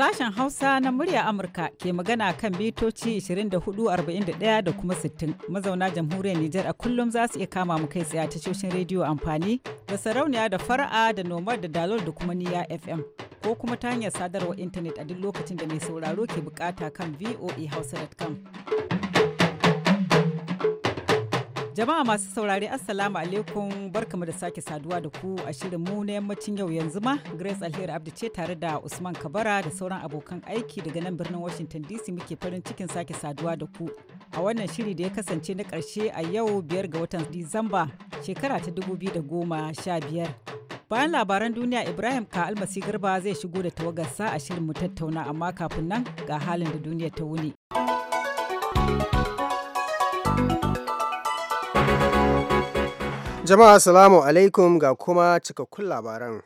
Sashen Hausa na murya Amurka ke magana kan bitoci 24,41 da kuma 60 mazauna jamhuriyar Nijar a kullum za su iya kama mu kai tsaye a tashoshin rediyo amfani da sarauniya da fara'a da nomar da dalol da kuma niya FM ko kuma ta hanyar sadarwar intanet a duk lokacin da mai sauraro ke bukata kan voahausa.com. Jama'a masu saurari Assalamu alaikum barkamu da sake saduwa da ku a shirin mu na yammacin yau yanzu ma Grace Alheri Abdi ce tare da Usman Kabara da sauran abokan aiki daga nan birnin Washington DC muke farin cikin sake saduwa da ku a wannan shiri da ya kasance na karshe a yau biyar ga watan Disamba shekara ta 2015. Bayan labaran duniya Ibrahim Ka Almasi Garba zai shigo da tawagarsa a shirin mu tattauna amma kafin nan ga halin da duniya ta wuni. Jama'a salamu alaikum ga kuma cikakkun labaran.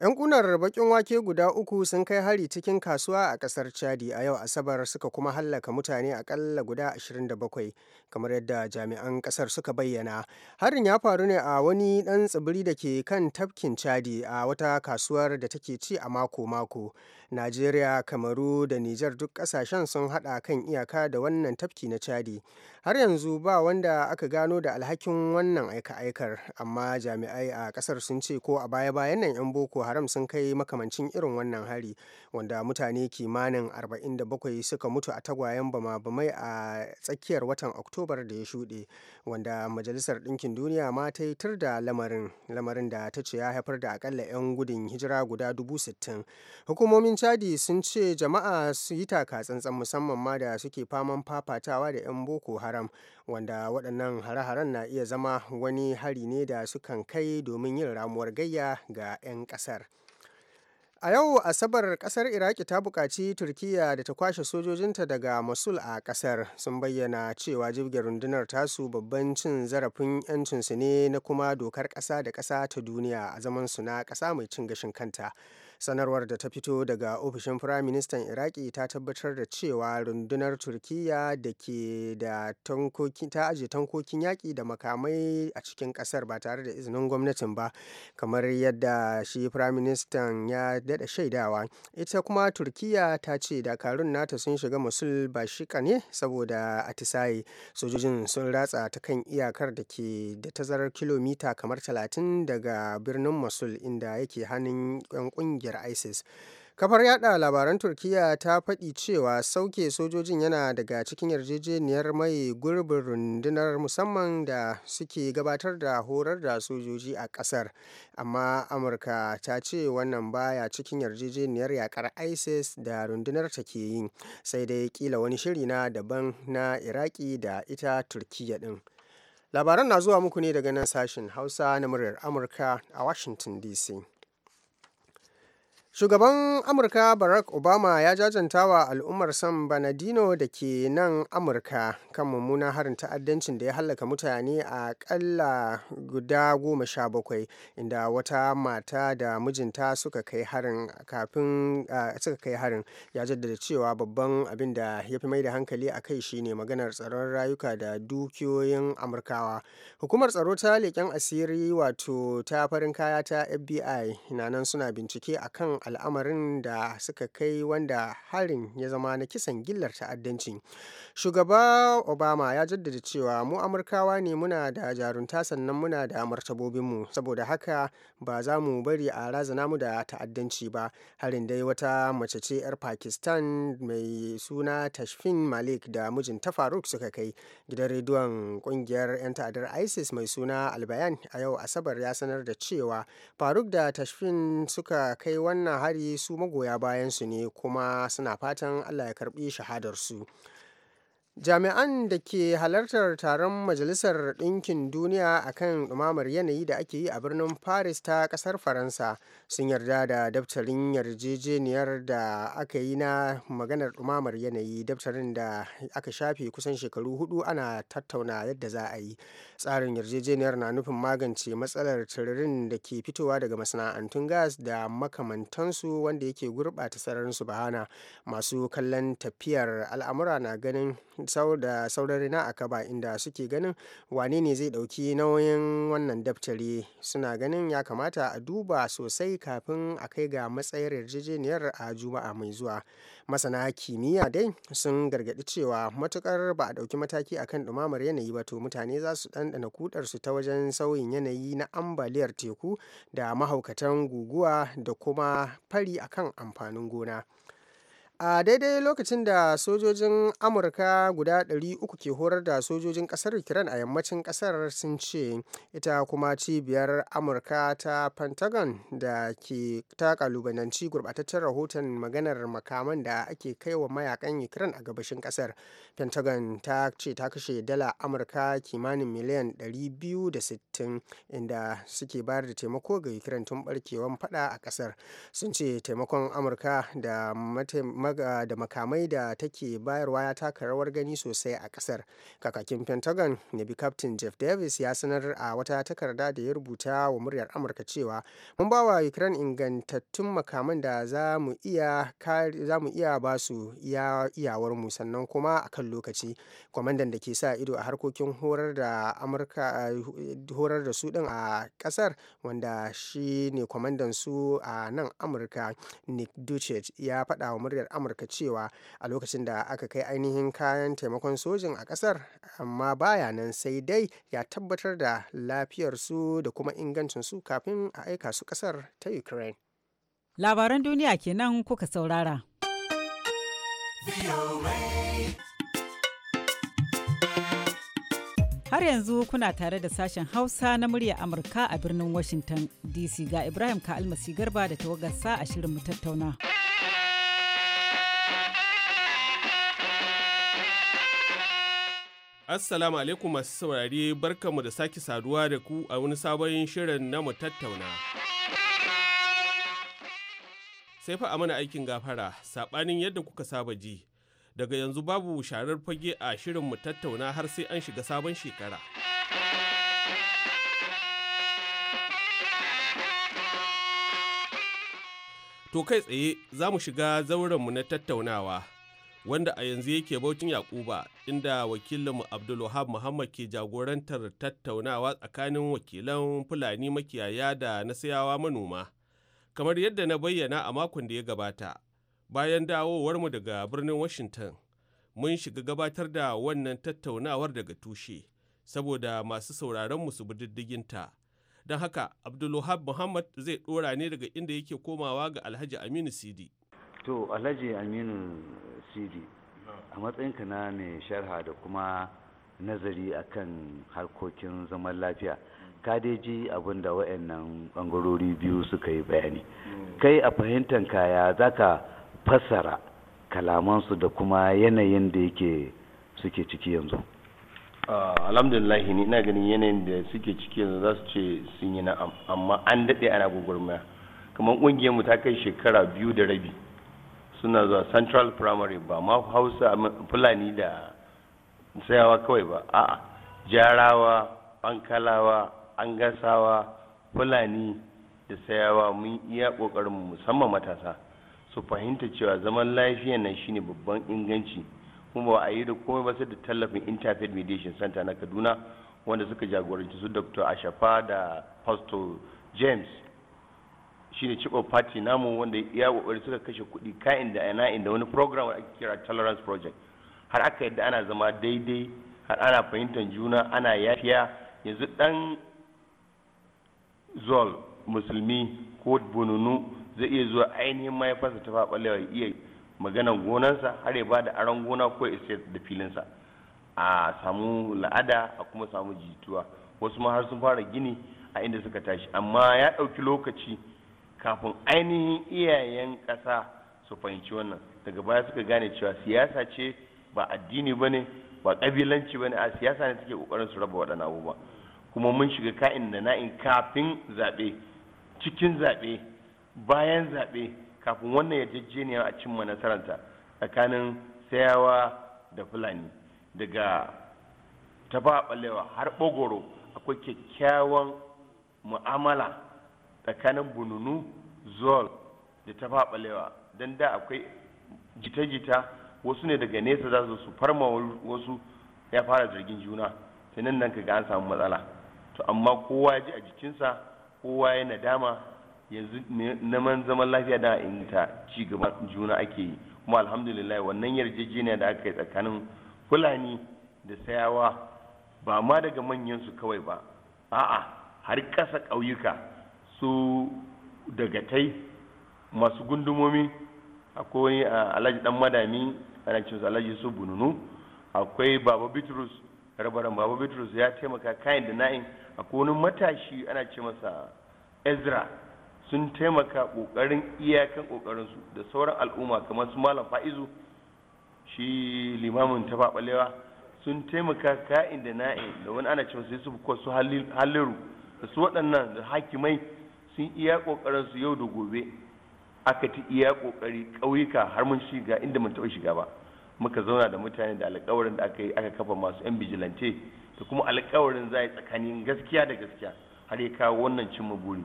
'Yan kunar bakin wake guda uku sun kai hari cikin kasuwa a kasar Chadi a yau Asabar suka kuma hallaka mutane akalla guda 27 kamar yadda jami'an kasar suka bayyana. Harin ya faru ne a wani ɗan tsibiri da ke kan tafkin Chadi a wata kasuwar da take ci a mako-mako. Najeriya, Kamaru da Nijar duk ƙasashen sun haɗa kan iyaka da wannan tafki na Chadi. Har yanzu ba wanda aka gano da alhakin wannan aika-aikar, amma jami'ai a kasar sun ce ko a baya-bayan nan 'yan Boko Haram sun kai makamancin irin wannan hari, wanda mutane kimanin 47 suka mutu a tagwayen bama-bamai a tsakiyar watan Oktobar da ya shuɗe, wanda Majalisar Ɗinkin Duniya ma ta yi tur da lamarin, lamarin da ta ce ya haifar da akalla 'yan gudun hijira guda dubu sittin Hukumomin chadi sun ce jama'a su yi taka-tsantsan musamman ma da suke faman fafatawa da 'yan boko haram wanda waɗannan hare-haren na iya zama wani hari ne da sukan kai domin yin ramuwar gayya ga 'yan ƙasar. A yau Asabar kasar Iraki ta buƙaci Turkiyya da ta kwashe sojojinta daga Mosul a kasar sun bayyana cewa jirgin rundunar tasu babban cin zarafin 'yancinsu ne na kuma dokar ƙasa da ƙasa ta duniya a zaman su na ƙasa mai cin gashin kanta. sanarwar da ta fito daga ofishin firaministan iraki ta tabbatar da cewa rundunar turkiya da ke da ta aje tankokin yaƙi da makamai a cikin ƙasar ba tare da izinin gwamnatin ba kamar yadda shi firaministan ya daɗa shaidawa ita kuma turkiya ta ce dakarun nata sun shiga musul ba shi ne saboda atisaye sojojin sun ratsa ta kan iyakar da ke da tazarar kilomita kamar 30 daga birnin musul inda yake hannun 'yan ƙungiyar ƙungiyar isis kafar yada labaran turkiya ta faɗi cewa sauke sojojin yana daga cikin yarjejeniyar mai gurbin rundunar musamman da suke gabatar da horar da sojoji a ƙasar amma amurka ta ce wannan baya cikin yarjejeniyar yakar isis da rundunar ta ke yi sai dai kila wani shiri na daban na iraki da ita turkiya din labaran na zuwa muku ne daga nan sashen hausa na muryar amurka a washington dc Shugaban Amurka Barack Obama ya jajanta wa al'ummar San Banadino da ke nan Amurka kan mummunan harin ta'addancin da ya hallaka mutane a ƙalla guda goma sha bakwai inda wata mata da mijinta suka kai harin kafin suka kai harin ya jaddada cewa babban abin da ya fi mai da hankali a kai shine maganar tsaron rayuka da dukiyoyin Amurkawa. Hukumar tsaro ta leƙen asiri wato ta farin kaya ta FBI na nan suna bincike akan al'amarin da suka kai wanda harin ya zama na kisan gillar ta'addanci shugaba obama ya jaddada cewa mu amurkawa ne muna da jarunta sannan muna da martabobinmu saboda haka ba za mu bari a razana mu da ta'addanci ba harin dai wata mace ce 'yar pakistan mai suna tashfin malik da mijinta faruk suka kai gidan rediyon kungiyar 'yan ta'addar isis mai suna albayan a yau asabar ya sanar da cewa faruk da tashfin suka kai wannan hari su magoya bayansu ne kuma suna fatan allah ya karbi shahadarsu jami'an da ke halartar taron majalisar ɗinkin duniya akan ɗumamar yanayi da ake yi a birnin paris ta ƙasar faransa sun yarda da daftarin yarjejeniyar da aka yi na maganar ɗumamar yanayi daftarin da aka shafe kusan shekaru hudu ana tattauna yadda za a yi tsarin yarjejeniyar na nufin magance matsalar tiririn da ke fitowa daga masana'antun gas da makamantansu wanda yake gurɓata sararin su bahana masu kallon tafiyar al'amura na ganin da sauran rina kaba inda suke ganin wane ne zai dauki nauyin wannan daftari suna ganin ya kamata a duba sosai kafin a kai ga matsayar yarjejeniyar a juma'a mai zuwa masana kimiyya dai sun gargaɗi cewa matukar ba a ɗauki mataki akan ɗumamar yanayi ba to mutane za su ɗanɗana su ta wajen sauyin yanayi na ambaliyar teku da mahaukatan guguwa da kuma fari akan amfanin gona. a daidai lokacin da sojojin amurka guda 300 ke horar da sojojin kasar ukraine a yammacin kasar sun ce ita kuma cibiyar amurka ta pentagon da ke ta kalubalanci gurbataccen rahoton maganar makaman da ake kai wa mayakan ukraine a gabashin kasar pentagon ta ce ta kashe dala amurka kimanin miliyan 260 inda suke bayar da taimako ga ukraine tun barkewan fada a kasar sun ce taimakon amurka da da makamai da take bayarwa ya taka rawar gani sosai a kasar kakakin pentagon na bi captain jeff davis ya sanar a wata takarda da ya rubuta wa muryar amurka cewa mun ba wa ukraine ingantattun makaman da za mu iya ba su iyawarmu sannan kuma a kan lokaci kwamandan da ke sa ido a harkokin horar da eh, su din a kasar wanda shi ne kwamandan su a nan amurka nick duchet ya faɗa wa muryar amurka cewa a lokacin da aka kai ainihin kayan taimakon sojin a kasar amma baya nan sai dai ya tabbatar da lafiyarsu da kuma ingancin su kafin a aika su kasar ta ukraine labaran duniya kenan kuka saurara Har yanzu kuna tare da sashen Hausa na murya Amurka a birnin Washington DC ga Ibrahim Ka'almasi Garba da tawagarsa a shirin mu tattauna. Assalamu alaikum masu saurare barkamu da sake saduwa da ku a wani sabon shirin na mu tattauna. Sai fa a mana aikin gafara, saɓanin yadda kuka saba ji. Daga yanzu babu sharar fage a shirin mu tattauna har sai an shiga sabon shekara. To kai tsaye za mu shiga zauren mu na tattaunawa. wanda a yanzu yake Baucin Yakuba inda wakilinmu Abdulwahab Muhammad ke jagorantar tattaunawa tsakanin wakilan Fulani makiyaya da na sayawa manoma. Kamar yadda na bayyana a makon da ya gabata, bayan dawowarmu daga birnin Washington, mun shiga gabatar da wannan tattaunawar daga tushe, saboda masu sauraronmu su bi diddiginta. Don haka, Abdulwahab Muhammad zai ɗora ne daga inda yake komawa ga Alhaji Aminu Sidi. to alhaji aminu sidi a matsayinka na mai sharha da kuma nazari akan harkokin zaman lafiya ka dai ji abin da wa'annan bangarori biyu suka yi bayani kai a fahimtar kaya za ka fassara kalamansu da kuma yanayin da yake suke ciki yanzu alhamdulillah ni ina ganin yanayin da suke ciki yanzu za su ce sun yi na'am amma an daɗe ana gwagwarmaya kamar ƙungiyarmu ta kai shekara biyu da rabi suna zuwa central primary ba ma hausa fulani da sayawa kawai ba a'a jarawa bankalawa an gasawa fulani da sayawa mun iya kokarin musamman matasa su fahimta cewa zaman lafiya nan shine babban inganci kuma ba a yi da komai ba sai da tallafin interfaith mediation center na kaduna wanda suka jagoranci su dr ashafa da pastor james shine chief of party namu wanda ya kokari suka kashe kuɗi ka'in da ana inda wani program ake kira tolerance project har aka yadda ana zama daidai har ana fahimtar juna ana yafiya yanzu dan zol musulmi ko bununu zai iya zuwa ainihin mahaifarsa ta faɓalewa iya magana gonansa har ya ba da aron gona ko estate da filinsa a samu la'ada a kuma samu jituwa wasu ma har sun fara gini a inda suka tashi amma ya ɗauki lokaci kafin ainihin iyayen ƙasa su fahimci wannan daga baya suka gane cewa siyasa ce ba addini ba ne ba ƙabilanci ba ne a siyasa ne suke ƙoƙarin su raba waɗannan abubuwa kuma mun shiga ka'in da na'in kafin zaɓe cikin zaɓe bayan zaɓe kafin wannan ya yarjejeniya a cimma nasararta tsakanin sayawa da fulani daga ɓallewa har ɓogoro akwai kyakkyawan mu'amala tsakanin bununu zol da ta faɓalewa don da akwai jita-jita wasu ne daga nesa za su farma wasu ya fara zargin juna sai nan nan kaga an samu matsala to amma kowa ya ji a jikinsa kowa ya nadama yanzu neman zaman lafiya da ta ci gaba juna ake yi kuma alhamdulillah wannan yarjejeniya da aka yi tsakanin fulani da sayawa ba ma daga manyan su kawai ba a'a har ƙasa ƙauyuka su dagatai masu gundumomi akwai alhaji dan madami ana cin su alhaji su bununu akwai baba bitrus rabaran baba bitrus ya taimaka kayan da na'in akwai wani matashi ana ce masa ezra sun taimaka kokarin iyakan su da sauran al'umma kamar su malam fa'izu shi limamin ta faɓalewa sun taimaka ka'in da na'in da wani ana cewa su yusuf ko su halliru da su waɗannan da hakimai sun iya kokarin su yau da gobe aka ti iya kokari ƙauyuka har mun shiga inda mun taɓa shiga ba muka zauna da mutane da alƙawarin da aka yi aka kafa masu yan bijilante da kuma alƙawarin za a yi tsakanin gaskiya da gaskiya har ya kawo wannan cin buri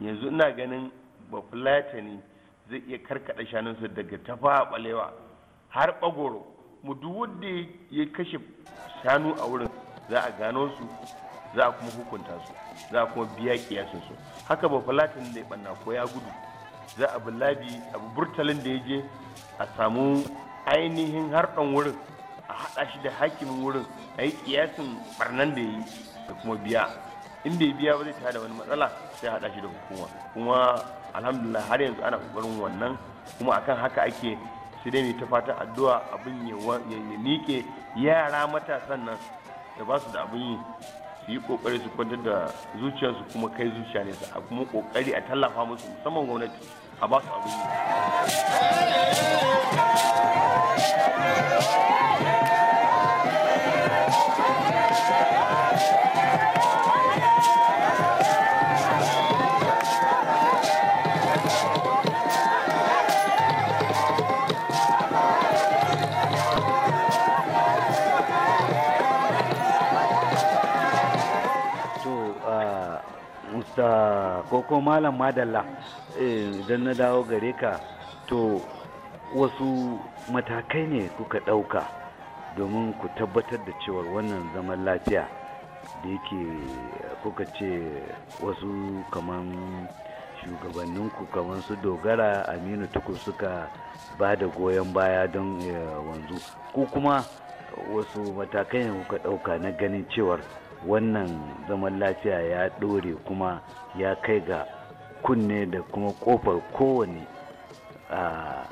yanzu ina ganin ba fulatani zai iya karkaɗa shanunsa daga tafa balewa har bagoro mu duk wanda ya kashe shanu a wurin za a gano su za a kuma hukunta su za a kuma biya kiyasin su haka ba falatin da ya banna ko ya gudu za a labi abu burtalin da ya je a samu ainihin harɗan wurin a haɗa shi da hakimin wurin a yi kiyasin barnan da ya yi da kuma biya in bai biya ba zai da wani matsala sai haɗa shi da hukuma kuma alhamdulillah har yanzu ana kokarin wannan kuma akan haka ake sai dai mai ta fata addu'a abin ya miƙe yara matasan nan da ba su da abin yi su yi kokari su kwantar da zuciyarsu kuma kai zuciya ne a kuma kokari a tallafa musu musamman gwamnati a ba su abin yi ko ko malam madalla eh, idan na dawo gare ka to wasu matakai ne kuka ɗauka domin ku tabbatar da cewa wannan zaman lafiya da yake kuka ce wasu kamar shugabanninku kamar su dogara aminu tuku suka ba da goyon baya don eh, wanzu ko kuma wasu matakai ne kuka ɗauka na ganin cewar wannan zaman lafiya ya ɗore kuma ya kai ga kunne da kuma kofar kowane a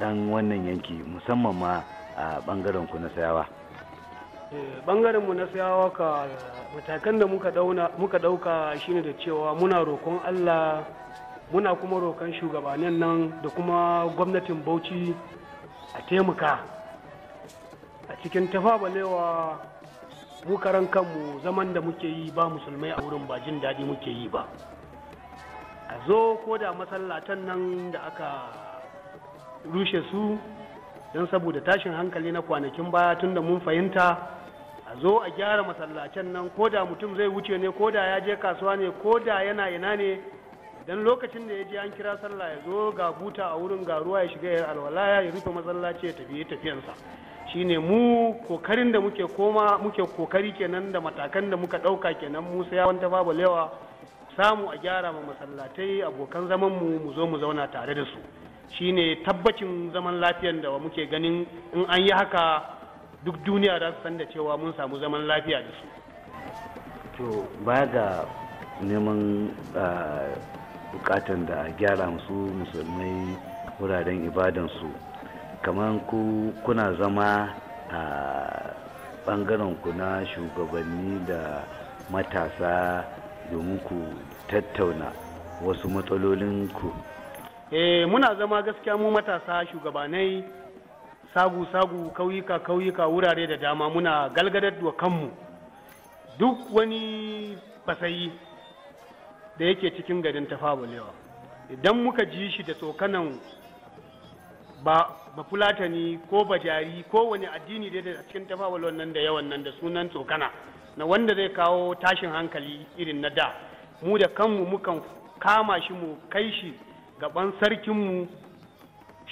ɗan wannan yanki musamman ma a ɓangaren ku na sayawa eh, ɓangaren mu na sayawa ka matakan da muka ɗauka shine da cewa muna roƙon allah muna kuma roƙon shugabannin nan da kuma gwamnatin bauchi a taimaka a cikin tafa mu karan kanmu zaman da muke yi ba musulmai a wurin ba jin daɗi muke yi ba a zo ko da masallatan nan da aka rushe su don saboda tashin hankali na kwanakin baya tun da mun fahimta a zo a gyara masallacen nan ko da mutum zai wuce ne ko da ya je kasuwa ne ko da yana ina ne dan lokacin da ya je an kira sallah ya zo ga buta a wurin ga ruwa ya shiga ya alwala ya rufe masallaci ya tafi tafiyansa shine mu kokarin da muke koma muke kokari kenan da matakan da muka ɗauka kenan mu sai wanta babu lewa samu a gyara ma masallatai abokan zaman mu mu zo mu zauna tare da su shine tabbacin zaman lafiyan da muke ganin in an yi haka duk duniya za su san da cewa mun samu zaman lafiya da su to baya ga neman bukatan da a gyara musu musulmai wuraren ibadansu kamar ku kuna zama a bangaren ku na shugabanni da matasa domin ku tattauna wasu matsalolin ku eh muna zama gaskiya mu matasa shugabanai sagu-sagu kauyuka kauyuka wurare da dama muna galgadar da kanmu duk wani fasayi da yake cikin garin tafabulewa idan muka ji shi da tsokanan ba bafulatani ko bajari ko wani addini da a cikin tafawalon wannan da yawan nan da sunan tsokana na wanda zai kawo tashin hankali irin na da mu da kanmu mukan kama shi mu kai shi gaban sarkinmu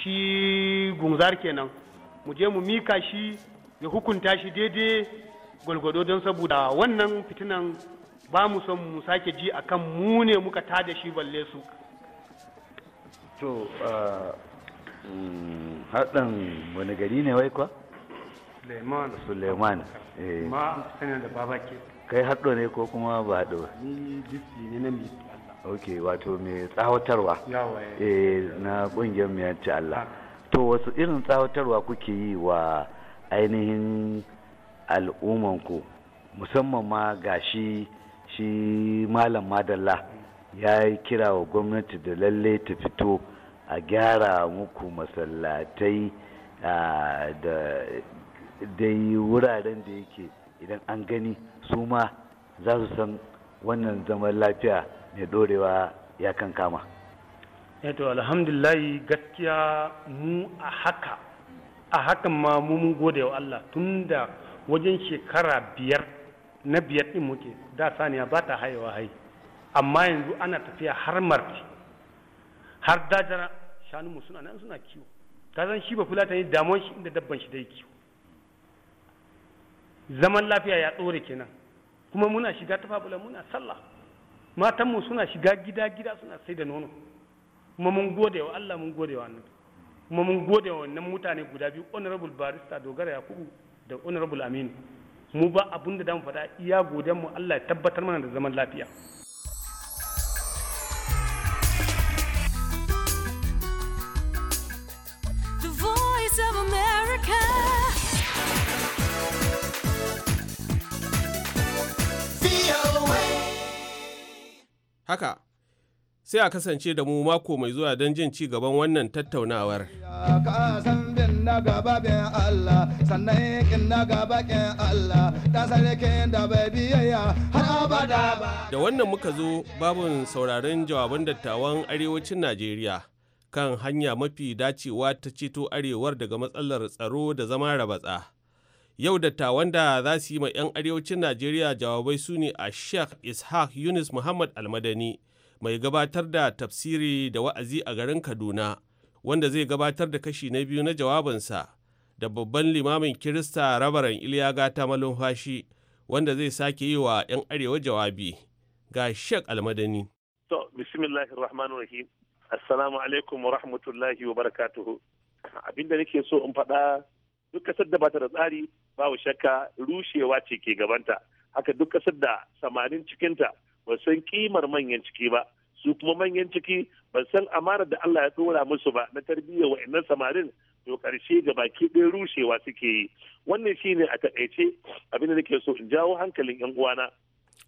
shi gunzar kenan mu je mu mika shi ya hukunta shi daidai gwalgwado don saboda wannan fitinan ba mu son mu sake ji akan mu ne muka tada shi balle su ah, haɗin wani gari ne wai kuwa? suleiman suleiman eh. ma sani da baba ke kai haɗo ne ko kuma ba haɗo ni disi ne na allah ok wato mai tsawatarwa eh. eh na ƙungiyar mai yanci Allah ah. to wasu irin tsawatarwa kuke yi wa ainihin al'ummanku musamman ma ga shi shi malam madalla ya yi kira wa gwamnati da lalle ta fito a gyara muku masallatai da dai wuraren da yake idan an gani su ma za su san wannan zaman lafiya mai ɗorewa ya kan kama. Eh to alhamdulillahi gaskiya mu a haka a hakan ma mu mun gode wa Allah tun da wajen shekara biyar na biyar din muke da saniya ba ta haihuwa hai amma yanzu ana tafiya har marti har dajana shanu suna nan suna kiwo ka san shi ba fulata ne damuwar shi inda dabban shi dai kiwo zaman lafiya ya tsore kenan kuma muna shiga tafabula muna sallah matanmu suna shiga gida gida suna sai da nono kuma mun gode wa Allah mun gode wa annabi kuma mun gode wa wannan mutane guda biyu honorable barista dogara yakubu da honorable aminu mu ba abunda da mu faɗa iya godan mu Allah ya tabbatar mana da zaman lafiya Haka, sai a kasance da mu mako mai zuwa don jin ci gaban wannan tattaunawar. Da wannan muka zo babun sauraron jawaban dattawan arewacin Najeriya kan hanya mafi dacewa ta ceto arewar daga matsalar tsaro da zama rabatsa. Yau dattawan da za su yi ma 'yan arewacin Najeriya jawabai su ne a Sheikh Ishaq Yunus Muhammad Almadani, mai gabatar da tafsiri da wa'azi a garin Kaduna, wanda zai gabatar da kashi na biyu na jawabansa, da babban limamin Kirista Rabaran Iliya Gata Malumfashi, wanda zai sake yi wa 'yan arewa jawabi. Ga Sheikh Almadani. To, Assalamu alaikum wa rahmatullahi wa barakatuhu. Abinda nake so in faɗa duk kasar da bata da tsari babu shakka rushewa ce ke gabanta haka duk kasar da samanin cikinta ba san kimar manyan ciki ba su kuma manyan ciki ba san amara da Allah ya dora musu ba na tarbiyyar wa'annan samarin to karshe ga baki ɗaya rushewa suke yi wannan shine a takaice abin da nake so in jawo hankalin yan uwana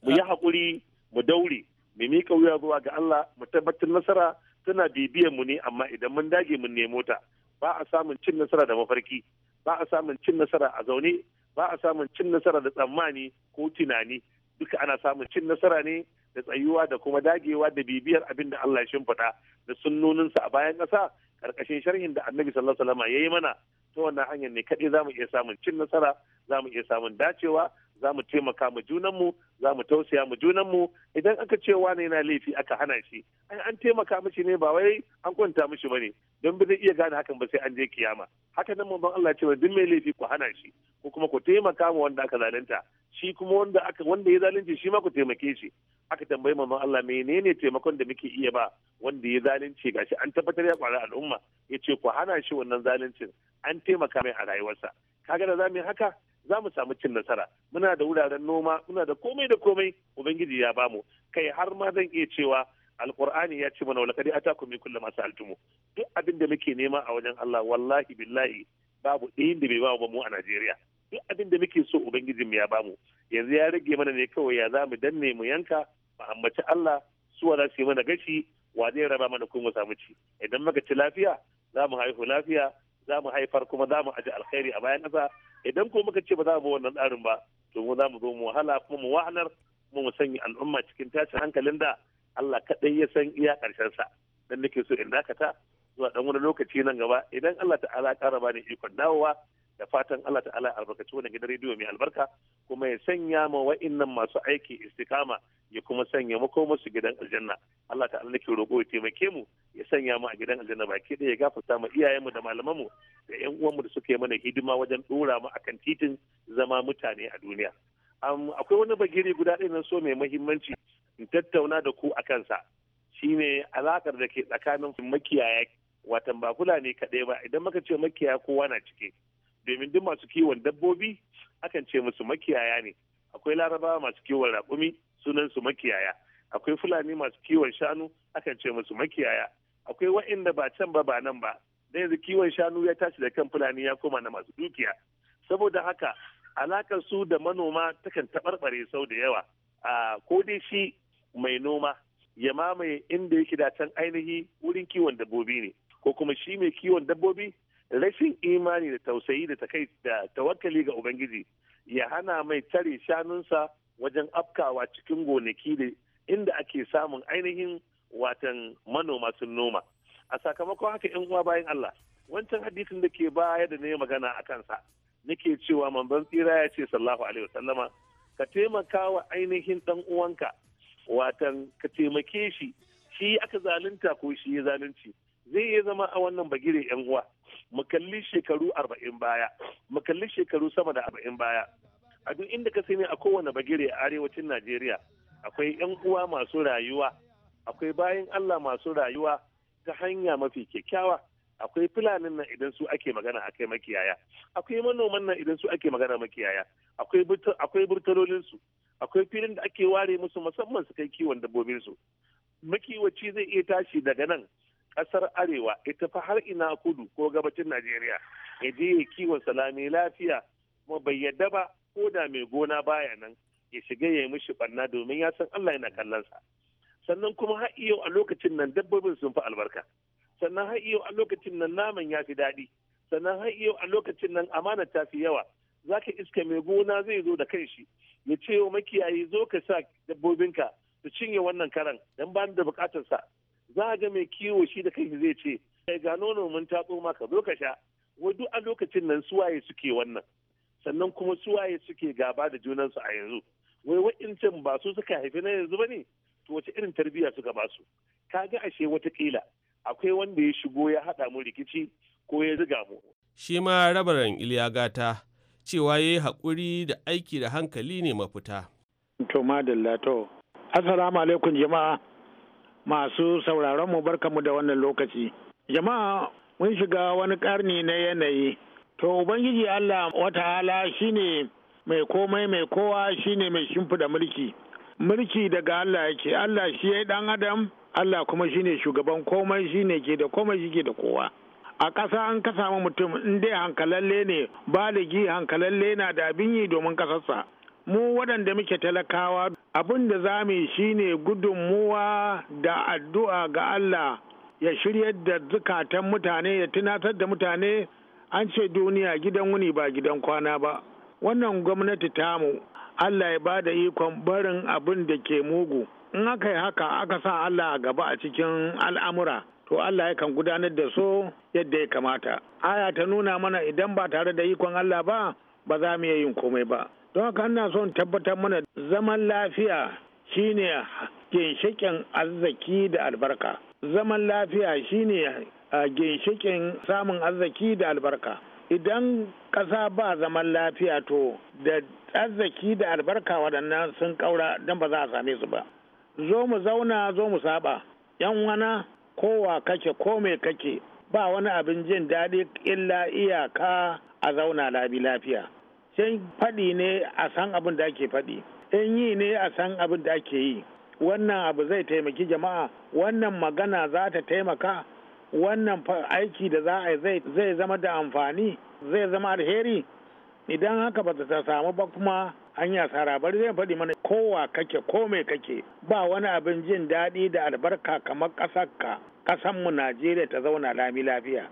mu yi haƙuri mu daure mu mika wuya zuwa ga Allah mu tabbatar nasara tana bibiyan mu ne amma idan mun dage mun nemo ta ba a samun cin nasara da mafarki ba a samun cin nasara a zaune ba a samun cin nasara da tsammani ko tunani duka ana samun cin nasara ne da tsayuwa da kuma dagewa da bibiyar abin da Allah ya shimfiɗa da sunnoninsa a bayan ƙasa ƙarƙashin sharhin da annabi sallallahu alaihi wasallam ya yi mana ta wannan hanyar ne kaɗai za mu iya samun cin nasara za mu iya samun dacewa za mu taimaka mu junanmu za mu tausaya mu junanmu idan aka ce wane yana laifi aka hana shi ai an taimaka mishi ne ba wai an kwanta mishi ba ne. don ba zai iya gane hakan ba sai an je kiyama haka nan mun Allah cewa duk mai laifi ku hana shi ko kuma ku taimaka ma wanda aka zalunta shi kuma wanda aka wanda ya zalunci shi ma ku taimake shi aka tambayi mun Allah menene taimakon da muke iya ba wanda ya zalunci gashi an tabbatar ya kwara al'umma yace ku hana shi wannan zaluncin an taimaka mai a rayuwarsa kaga da zamu haka za mu samu cin nasara muna da wuraren noma muna da komai da komai ubangiji ya bamu kai har ma zan iya cewa alkur'ani ya ce mana walakadi a min kulli masu altumu duk abin da muke nema a wajen Allah wallahi billahi babu ɗayan da bai bamu ba mu a Najeriya duk abin da muke so ubangiji mu ya bamu yanzu ya rage mana ne kawai ya za mu danne mu yanka mu ambaci Allah suwa za su yi mana gashi wa zai raba mana kuma mu samu ci idan muka ci lafiya za mu haihu lafiya za mu haifar kuma za mu aji alkhairi a bayan ƙasa idan ko muka ce ba za mu wannan tsarin ba to mu za mu zo mu wahala kuma mu wahalar kuma mu sanya al'umma cikin tashin hankalin da Allah kaɗai ya san iya ƙarshen sa dan nake so in dakata zuwa dan wani lokaci nan gaba idan Allah ta'ala ya ƙara bani ikon dawowa da fatan Allah ta'ala albarkaci wannan gidan rediyo mai albarka kuma ya sanya ma wa'annan masu aiki istikama ya kuma sanya mako ko musu gidan aljanna Allah ta'ala nake roƙo ya taimake mu ya sanya mu a gidan aljanna baki ɗaya ya gafarta mu iyayen mu da malaman mu da ƴan uwan mu da suke mana hidima wajen dora mu akan titin zama mutane a duniya akwai wani bagire guda ɗaya na so mai muhimmanci in tattauna da ku a kansa shine alakar da ke tsakanin makiyaya watan ba kula ne kaɗai ba idan muka ce makiyaya kowa na cike domin duk masu kiwon dabbobi akan ce musu makiyaya ne akwai larabawa masu kiwon raƙumi sunan su makiyaya akwai fulani masu kiwon shanu akan ce musu makiyaya akwai wa'inda ba can ba ba nan ba da yanzu kiwon shanu ya tashi da kan fulani ya koma na masu dukiya saboda haka alakar su da manoma takan taɓarɓare sau da yawa a ko dai shi mai noma ya mamaye inda yake da can ainihi wurin kiwon dabbobi ne ko kuma shi mai kiwon dabbobi rashin imani da tausayi da takai da tawakkali ga ubangiji ya hana mai tare shanunsa wajen afkawa cikin gonaki da inda ake samun ainihin watan manoma sun noma a sakamakon haka yan uwa bayan Allah wancan hadisin da ke baya da ne magana a kansa nake cewa manzon tsira ya ce sallahu alaihi wasallama ka taimaka wa ainihin dan uwanka watan ka taimake shi shi aka zalunta ko shi ya zalunci zai iya zama a wannan bagire yan uwa mu kalli shekaru arba'in baya mu kalli shekaru sama da arba'in baya a duk inda ka sani a kowane bagire a arewacin najeriya akwai yan uwa masu rayuwa akwai bayan allah masu rayuwa ta hanya mafi kyakkyawa akwai fulanin nan idan su ake magana akai makiyaya akwai manoman nan idan su ake magana makiyaya akwai akwai burtalolin su akwai filin da ake ware musu musamman su kai kiwon dabbobin su makiwaci zai iya tashi daga nan kasar arewa ita fa har ina kudu ko gabacin najeriya ya je ya kiwon salami lafiya kuma bai yadda ba ko da mai gona baya nan ya shiga ya yi mishi barna domin ya san allah yana kallonsa sannan kuma har yau a lokacin nan dabbobin sun fi albarka sannan har yau a lokacin nan naman ya fi daɗi sannan har yau a lokacin nan amana ta fi yawa zaka iska mai gona zai zo da shi ya ce wa makiyayi zo ka sa dabbobinka su cinye wannan karan dan ba da bukatar za a ga mai kiwo shi da kanshi zai ce eh, ga nono mun tatso maka zo ka sha wai duk a lokacin nan suwaye suke wannan sannan kuma suwaye suke gaba da junansu a yanzu wai wa'incan ba su suka haifi na yanzu ba ne to wace irin tarbiyya suka ba su ga ashe wata watakila akwai wanda ya shigo ya haɗa mu rikici ko ya ziga mu shi ma rabaran iliya gata cewa ya yi haƙuri da aiki da hankali ne mafita to madalla to assalamu alaikum jama'a masu sauraron mu barkamu da wannan lokaci. Jama'a mun shiga wani karni na yanayi. To Ubangiji Allah wata shi shine mai komai mai kowa shine mai shimfiɗa mulki. Mulki daga Allah yake, Allah shi ya yi ɗan adam, Allah kuma shi ne shugaban komai shi ne ke da komai shi ke da kowa. a ƙasa an ka samu mutum in dai hankalalle ne baligi hankalalle na da abin yi domin ƙasarsa mu waɗanda muke talakawa abin da za mu yi shine gudunmuwa da addu'a ga Allah ya shiryar da zukatan mutane ya tunatar da mutane an ce duniya gidan wuni ba gidan kwana ba wannan gwamnati tamu Allah ya ba da ikon barin abin da ke mugu in aka yi haka aka sa Allah a gaba a cikin al'amura to Allah yakan gudanar da so yadda ya kamata aya ta nuna mana idan ba tare da ikon Allah ba ba za mu iya yin komai ba don haka ana son tabbatar mana zaman lafiya shine ginshikin arziki da albarka zaman lafiya shine ginshikin samun arziki da albarka idan ƙasa ba zaman lafiya to da arziki da albarka waɗannan sun ƙaura don ba za a same su ba zo mu zauna zo mu saba yan wana kowa kake ko me kake ba wani abin jin daɗi illa iyaka a zauna labi lafiya sai faɗi ne a san abin da ake faɗi in yi ne a san abin da ake yi wannan abu zai taimaki jama'a wannan magana za ta taimaka wannan aiki da za a yi zai zama da amfani zai zama alheri idan haka ba ta samu ba kuma an yi asara bari zai faɗi mana kowa kake ko mai kake ba wani abin jin daɗi da albarka kamar ƙasarka ƙasanmu najeriya ta zauna lami lafiya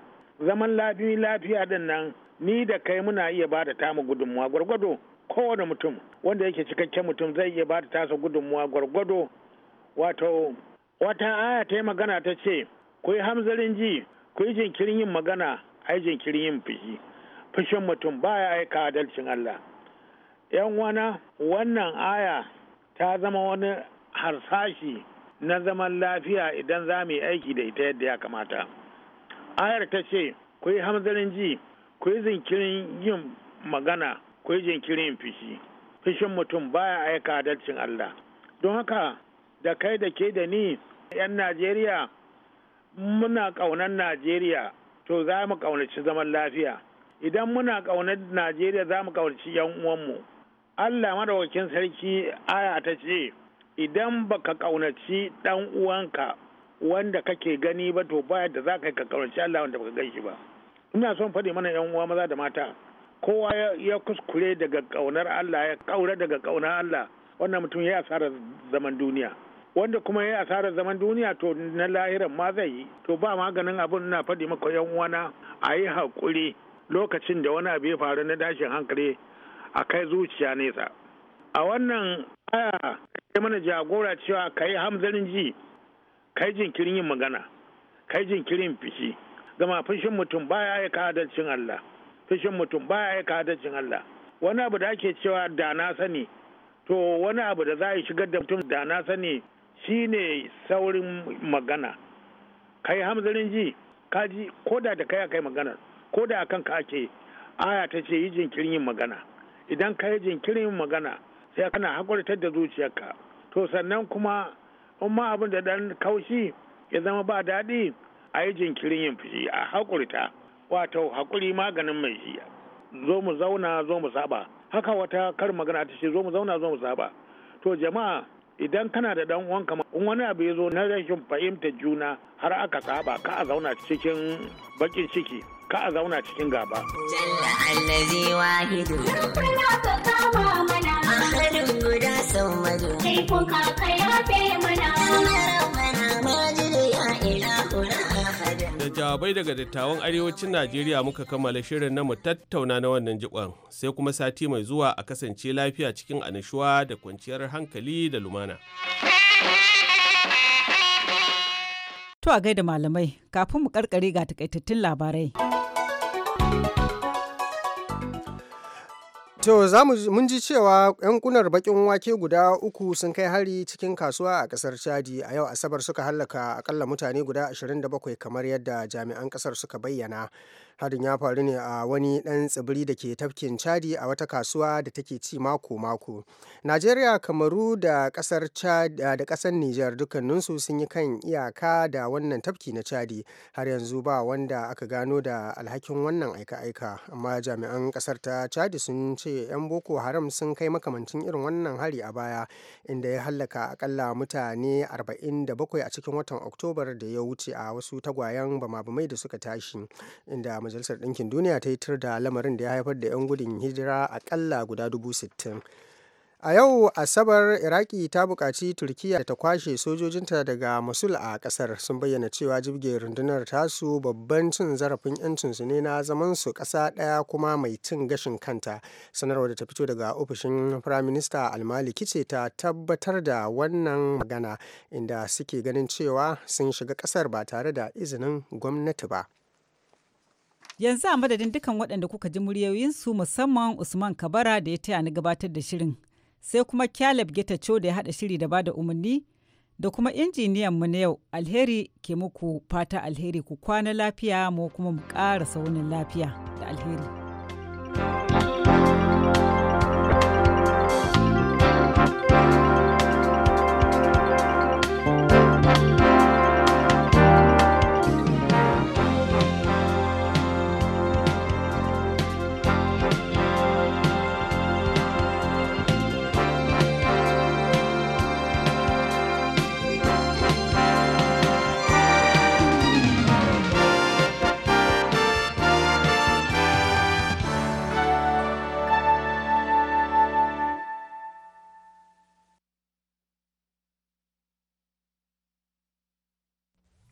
zaman lafiya lafiya din nan ni da kai muna iya ba da tamu gudunmuwa gwargwado kowane mutum wanda yake cikakken mutum zai iya ba da tasa gudunmuwa gwargwado wato wata aya ta yi magana ta ce ku yi hamzarin ji ku yi jinkirin yin magana a yi jinkirin yin fushi fushin mutum ba ya aika adalcin Allah yan wana wannan aya ta zama wani harsashi na zaman lafiya idan za mu yi aiki da ita yadda ya kamata ayar ta ce ku yi hamzarin ji ku yi yin magana ku yi jinkirin yin fishi fishin mutum baya aika adalcin Allah don haka da kai da ke da ni 'yan Najeriya muna ƙaunar Najeriya to za mu ƙaunaci zaman lafiya idan muna ƙaunar Najeriya za mu ƙaunaci 'yan uwanmu Allah madawakin sarki aya ta ce idan baka ƙaunaci ɗan uwanka wanda kake gani ba to baya da za ka ƙaunaci Allah wanda baka gan shi ba ina son faɗi mana yan uwa maza da mata kowa ya kuskure daga ƙaunar Allah ya ƙaura daga ƙaunar Allah wannan mutum ya asarar zaman duniya wanda kuma ya asarar zaman duniya to na lahiran ma zai yi to ba maganin abin na faɗi maka yan uwana a yi haƙuri lokacin da wani abu ya faru na dashin hankali a kai zuciya nesa a wannan aya ya mana jagora cewa ka yi hamzarin ji kai jinkirin yin magana kai jinkirin fishi gama fushin mutum baya ka adalcin Allah fushin mutum baya ka adalcin Allah wani abu da ake cewa da na sani to wani abu da za a shigar da mutum da na sani shine saurin magana kai hamzarin ji kaji ko da da kai magana ko da akan ka ake aya ta ce yi jinkirin yin magana idan ka yi jinkirin yin magana sai kana hakurtar da zuciyarka to sannan kuma in ma abin da dan kaushi ya zama ba daɗi Ayi kirin jinkirin yin fushi a haƙurta wato haƙuri maganin mai shi zo mu zauna zo mu saba haka wata kar magana ta ce zo mu zauna zo mu saba to jama'a idan kana da dan uwanka in wani abu ya zo na rashin fahimtar juna har aka saba ka a zauna cikin bakin ciki ka a zauna cikin gaba jalla ka jawabai daga dattawan arewacin Najeriya muka kammala shirin na mu tattauna na wannan jikon sai kuma sati mai zuwa a kasance lafiya cikin anishuwa da kwanciyar hankali da lumana. To a gaida malamai kafin mu karkare ga takaitattun labarai. To za mun ji cewa 'yan kunar bakin wake guda uku sun kai hari cikin kasuwa a kasar Chadi a yau Asabar suka hallaka akalla mutane guda 27 kamar yadda jami'an kasar suka bayyana. harin ya faru ne a wani dan tsibiri da ke tafkin chadi a wata kasuwa da take ci mako-mako najeriya kamaru da chad da ƙasar niger dukkaninsu sun yi kan iyaka da wannan tafki na chadi har yanzu ba wanda aka gano da alhakin wannan aika-aika amma jami'an ƙasar ta chadi sun ce 'yan boko haram sun kai makamancin irin wannan hari a baya inda ya hallaka akalla mutane 47 a cikin watan oktobar da ya wuce a wasu tagwayen bama da suka tashi inda majalisar ɗinkin duniya ta yi tur da lamarin da ya haifar da 'yan gudun hijira a akalla guda dubu sittin a yau asabar iraki ta buƙaci turkiyya da ta kwashe sojojinta daga musul a ƙasar sun bayyana cewa jibge rundunar tasu babban cin zarafin 'yancin su ne na zaman su ƙasa ɗaya kuma mai cin gashin kanta sanarwar da ta fito daga ofishin firaminista almaliki ce ta tabbatar da wannan magana inda suke ganin cewa sun shiga ƙasar ba tare da izinin gwamnati ba Yanzu a madadin dukan waɗanda kuka ji muryoyinsu musamman Usman Kabara da ya taya ni gabatar da shirin. Sai kuma Caleb Getacho da ya haɗa shiri da ba da umarni da kuma injiniyan mu na yau alheri ke muku fata alheri ku kwana lafiya mu kuma mu ƙara saunin lafiya da alheri.